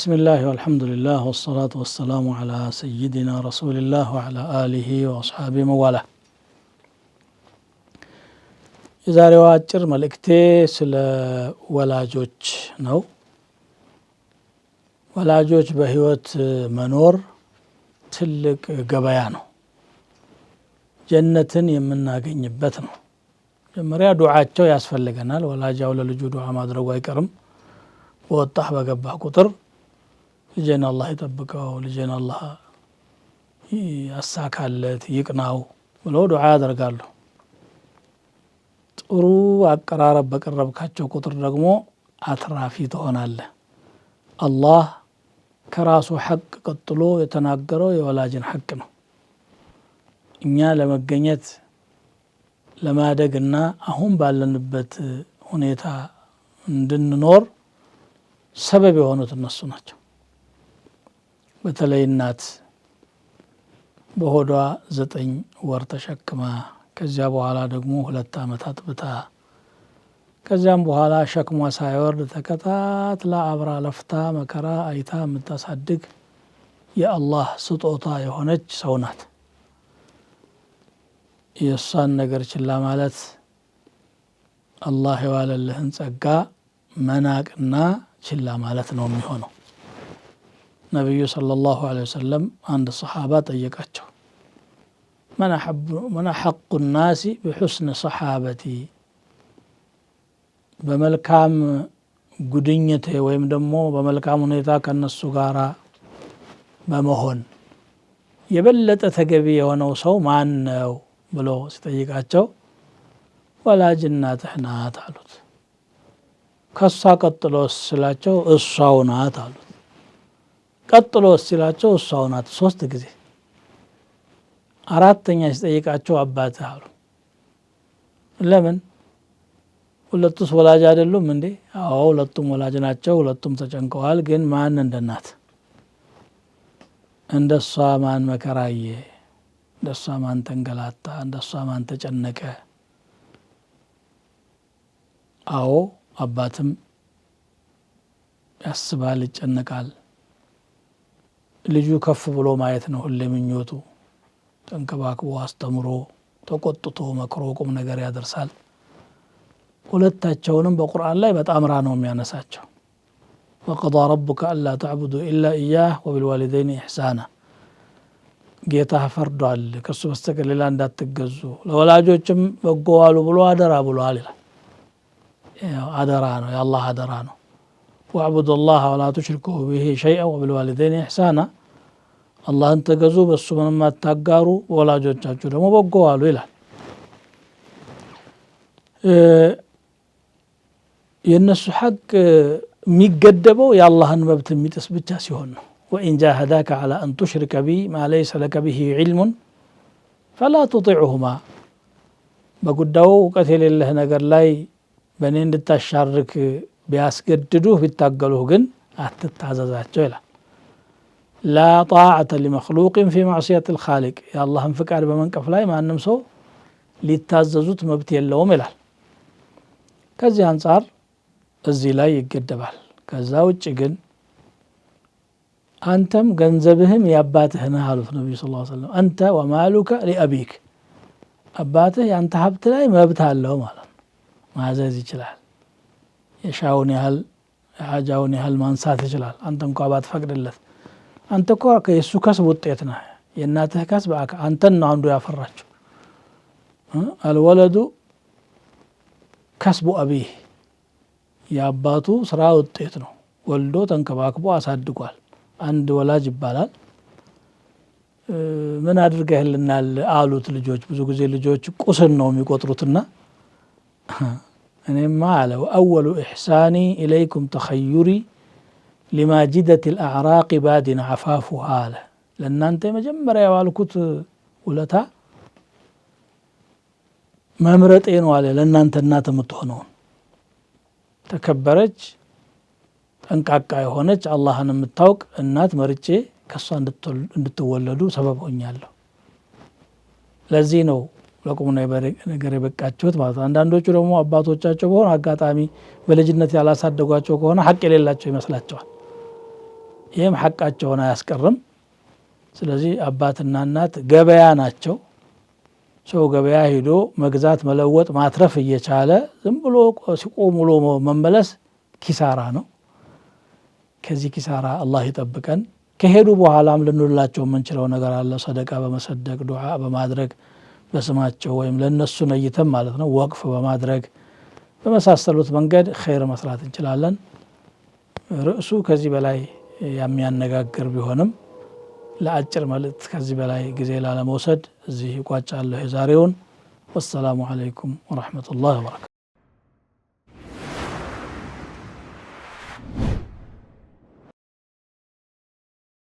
بسم الله والحمد لله والصلاة والسلام على سيدنا رسول الله وعلى آله وأصحابه مواله የዛሬዋ አጭር መልእክቴ ስለ ወላጆች ነው። ወላጆች በህይወት መኖር ትልቅ ገበያ ነው። ጀነትን የምናገኝበት ነው። መጀመሪያ ዱዓቸው ያስፈልገናል። ወላጅ ለልጁ ዱዓ ማድረጉ አይቀርም። በወጣህ በገባህ ቁጥር ልጄን አላህ ይጠብቀው፣ ልጄን አላህ ያሳካለት፣ ይቅናው ብለው ዱዓ ያደርጋሉ። ጥሩ አቀራረብ በቀረብካቸው ቁጥር ደግሞ አትራፊ ትሆናለህ። አላህ ከራሱ ሐቅ ቀጥሎ የተናገረው የወላጅን ሐቅ ነው። እኛ ለመገኘት ለማደግና አሁን ባለንበት ሁኔታ እንድንኖር ሰበብ የሆኑት እነሱ ናቸው። በተለይ እናት በሆዷ ዘጠኝ ወር ተሸክማ ከዚያ በኋላ ደግሞ ሁለት ዓመት አጥብታ ከዚያም በኋላ ሸክሟ ሳይወርድ ተከታትላ አብራ ለፍታ መከራ አይታ የምታሳድግ የአላህ ስጦታ የሆነች ሰው ናት። የእሷን ነገር ችላ ማለት አላህ የዋለልህን ጸጋ መናቅና ችላ ማለት ነው የሚሆነው። ነቢዩ ሰለላሁ ዐለይሂ ወሰለም አንድ ሰሓባ ጠየቃቸው መን ሐቁ ናሲ ብሑስን ሰሓበቲ በመልካም ጉድኝቴ ወይም ደግሞ በመልካም ሁኔታ ከነሱ ጋር በመሆን የበለጠ ተገቢ የሆነው ሰው ማን ነው ብሎ ሲጠይቃቸው ወላጅናትህ ናት አሉት። ከሷ ቀጥሎ ስላቸው እሷው ናት አሉት። ቀጥሎ ሲላቸው እሷው ናት ሶስት ጊዜ። አራተኛ ሲጠይቃቸው አባት አሉ። ለምን ሁለቱስ ወላጅ አይደሉም እንዴ? አዎ ሁለቱም ወላጅ ናቸው። ሁለቱም ተጨንቀዋል። ግን ማን እንደናት? እንደ እሷ ማን መከራየ፣ እንደ እሷ ማን ተንገላታ፣ እንደ እሷ ማን ተጨነቀ? አዎ አባትም ያስባል፣ ይጨነቃል ልጁ ከፍ ብሎ ማየት ነው ሁሌ ምኞቱ። ተንከባክቦ አስተምሮ ተቆጥቶ መክሮ ቁም ነገር ያደርሳል። ሁለታቸውንም በቁርአን ላይ በጣምራ ነው የሚያነሳቸው። ወቀዳ ረቡከ አላ ተዕቡዱ ኢላ እያህ ወቢልዋሊደይን ኢሕሳና ጌታ ፈርዷል ከሱ በስተቀር ሌላ እንዳትገዙ ለወላጆችም በጎ ዋሉ ብሎ አደራ ብሏል ይላል። አደራ ነው የአላህ አደራ ነው። ወዕቡድ ላህ ወላ ቱሽሪኩ ብሂ ሸይአ ወብልዋሊደይን ኢሕሳና አላህን ተገዙ በሱ ምንም አታጋሩ ወላጆቻችሁ ደግሞ በጎ አሉ ይላል የእነሱ ሐቅ የሚገደበው የአላህን መብት የሚጥስ ብቻ ሲሆን ነው ወኢን ጃሃዳከ አላ አን ቱሽሪከ ቢ ማ ለይሰ ለከ ብሂ ዒልሙን ፈላ ቱጢዑሁማ በጉዳዩ እውቀት የሌለህ ነገር ላይ በእኔ እንድታሻርክ ቢያስገድዱህ ቢታገሉህ ግን አትታዘዛቸው ይላል። ላ ጣዓተ ሊመክሉቅን ፊ ማዕስየት ልካሊቅ የአላህን ፍቃድ በመንቀፍ ላይ ማንም ሰው ሊታዘዙት መብት የለውም ይላል። ከዚህ አንጻር እዚህ ላይ ይገደባል። ከዛ ውጭ ግን አንተም ገንዘብህም የአባትህ ነህ አሉት ነቢዩ ስ ሰለም አንተ ወማሉከ ሊአቢክ አባትህ የአንተ ሀብት ላይ መብት አለው ማለት ነው። ማዘዝ ይችላል። የሻውን ያህል የሀጃውን ያህል ማንሳት ይችላል። አንተ እንኳ ባትፈቅድለት፣ አንተ እኮ የእሱ ከስብ ውጤት ነህ። የእናትህ ከስብ አንተን ነው አንዱ ያፈራችው አልወለዱ ከስቡ አቢህ የአባቱ ስራ ውጤት ነው። ወልዶ ተንከባክቦ አሳድጓል። አንድ ወላጅ ይባላል። ምን አድርገህልናል አሉት ልጆች። ብዙ ጊዜ ልጆች ቁስን ነው የሚቆጥሩትና እኔማ አለ ወአወሉ ኢሕሳኒ ኢለይኩም ተኸዩሪ ሊማጅደት ልአዕራቅ ባዲን አፋፉሃ አለ ለእናንተ መጀመሪያ የዋልኩት ውለታ መምረጤ ነው አለ ለእናንተ እናት የምትሆነውን ተከበረች ጠንቃቃ የሆነች አላህን የምታውቅ እናት መርጬ ከእሷ እንድትወለዱ ሰበብ ሆኛለሁ ለዚህ ነው ለቁም ነገር የበቃችሁት ማለት ነው። አንዳንዶቹ ደግሞ አባቶቻቸው በሆነ አጋጣሚ በልጅነት ያላሳደጓቸው ከሆነ ሀቅ የሌላቸው ይመስላቸዋል። ይህም ሀቃቸውን አያስቀርም። ስለዚህ አባትና እናት ገበያ ናቸው። ሰው ገበያ ሂዶ መግዛት፣ መለወጥ፣ ማትረፍ እየቻለ ዝም ብሎ ሲቆም ውሎ መመለስ ኪሳራ ነው። ከዚህ ኪሳራ አላህ ይጠብቀን። ከሄዱ በኋላም ልንላቸው የምንችለው ነገር አለ። ሰደቃ በመሰደቅ ዱዓ በማድረግ በስማቸው ወይም ለእነሱ ነይተን ማለት ነው ወቅፍ በማድረግ በመሳሰሉት መንገድ ኸይር መስራት እንችላለን። ርዕሱ ከዚህ በላይ የሚያነጋግር ቢሆንም ለአጭር መልእክት ከዚህ በላይ ጊዜ ላለመውሰድ እዚህ ይቋጫለሁ የዛሬውን። ወሰላሙ አለይኩም ወረሕመቱላህ ወበረካቱ።